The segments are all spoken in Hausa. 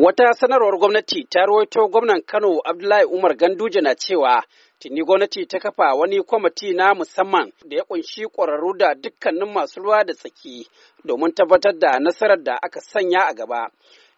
Wata sanarwar gwamnati ta rawaito gwamnan Kano Abdullahi Umar Ganduje na cewa tuni gwamnati ta kafa wani kwamiti na musamman da ya kunshi ƙwararru da dukkanin masu ruwa da tsaki domin tabbatar da nasarar da aka sanya a gaba.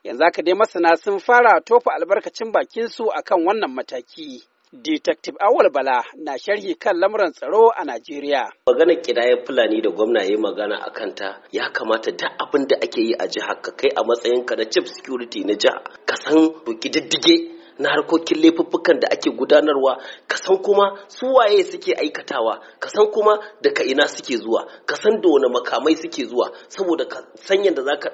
Yanzu aka dai masana sun fara tofa albarkacin bakinsu akan wannan mataki. Detective Awal Bala na sharhi kan lamuran tsaro a Najeriya. Magana kidayar Fulani da gwamna ya magana a kanta ya kamata duk abin da ake yi a jiha ka kai a matsayinka na chief security na jiha ka san diddige na harkokin laifuffukan da ake gudanarwa kasan san kuma su waye suke aikatawa kasan san kuma daga ina suke zuwa ka san da wani makamai suke zuwa saboda ka san yadda za ka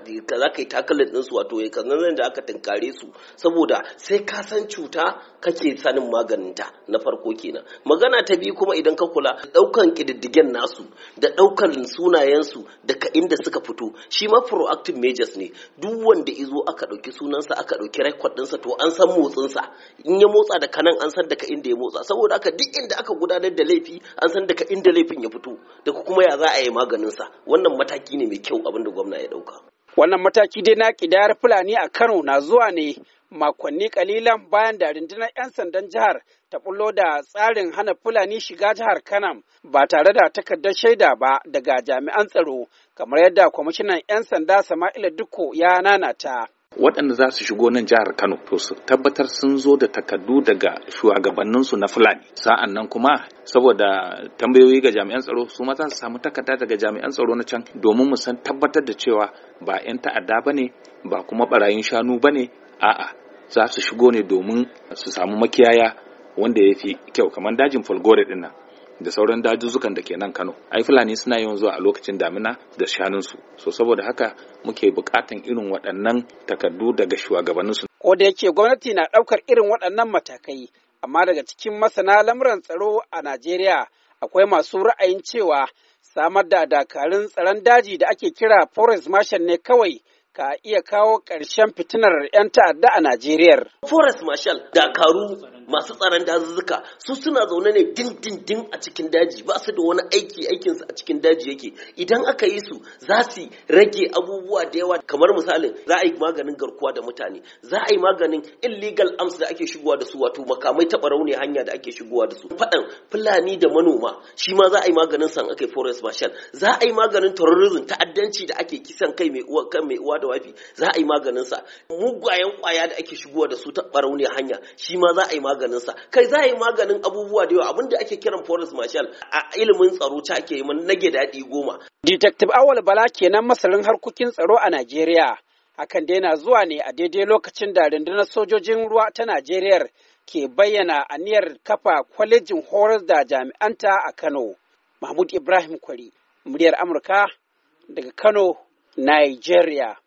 yi takalin ɗinsu wato ya kanan da aka tunkare su saboda sai ka san cuta kake sanin maganinta na farko kenan magana ta biyu kuma idan ka kula ɗaukan ƙididdigen nasu da ɗaukan sunayensu daga inda suka fito shi ma proactive measures ne duk wanda izo aka ɗauki sunansa aka ɗauki rekod ɗinsa to an san motsinsa motsa in ya motsa da kanan an san daga inda ya motsa saboda haka duk inda aka gudanar da laifi an san daga inda laifin ya fito da kuma ya za a yi maganin sa wannan mataki ne mai kyau abinda gwamna ya dauka wannan mataki dai na kidayar fulani a Kano na zuwa ne makonni kalilan bayan da rundunar 'yan sandan jihar ta bullo da tsarin hana fulani shiga jihar kano ba tare da takardar shaida ba daga jami'an tsaro kamar yadda kwamishinan 'yan sanda sama'ila dukko ya nanata waɗanda za su shigo nan jihar Kano to su tabbatar sun zo da takardu daga shugabanninsu na Fulani sa'an nan kuma saboda tambayoyi ga jami'an tsaro su ma za su samu takarda daga jami'an tsaro na can domin mu san tabbatar da cewa ba 'yan ta'adda bane ba kuma barayin shanu bane a'a za su shigo ne domin su samu makiyaya wanda ya fi kyau kamar dajin folgore dinnan da sauran dajuzzukan da ke nan Kano. Ai Fulani suna yin zuwa a lokacin damina da shanunsu. So saboda haka muke bukatan irin waɗannan takardu daga shugabanninsu. Ko da yake gwamnati na ɗaukar irin waɗannan matakai, amma daga cikin masana lamuran tsaro a Najeriya akwai masu ra'ayin cewa samar da dakarun tsaron daji da ake kira forest marshal ne kawai ka iya kawo ƙarshen fitinar 'yan ta'adda a Najeriya. Forest marshal dakaru masu tsaron dazuzzuka su suna zaune ne dindindin a cikin daji ba su da wani aiki aikinsu a cikin daji yake idan aka yi su za su rage abubuwa da yawa kamar misalin za a yi maganin garkuwa da mutane za a yi maganin illegal arms da ake shigowa da su wato makamai taɓa rauni hanya da ake shigowa da su faɗan fulani da manoma shi ma za a yi maganin san aka forest marshal za a yi maganin terrorism ta'addanci da ake kisan kai mai uwa kan mai uwa da wafi za a yi maganin sa mugayen kwaya da ake shigowa da su taɓa rauni hanya shi ma za a yi maganinsa kai za a yi maganin abubuwa da yawa abin da ake kiran forest marshal a ilimin tsaro ta ke mun nage daɗi goma. detective awal bala kenan masarin harkokin tsaro a najeriya hakan dai na zuwa ne a daidai lokacin da rundunar sojojin ruwa ta nigeria ke bayyana aniyar kafa kwalejin horar da jami'anta a kano mahmud ibrahim kwari muryar amurka daga kano nigeria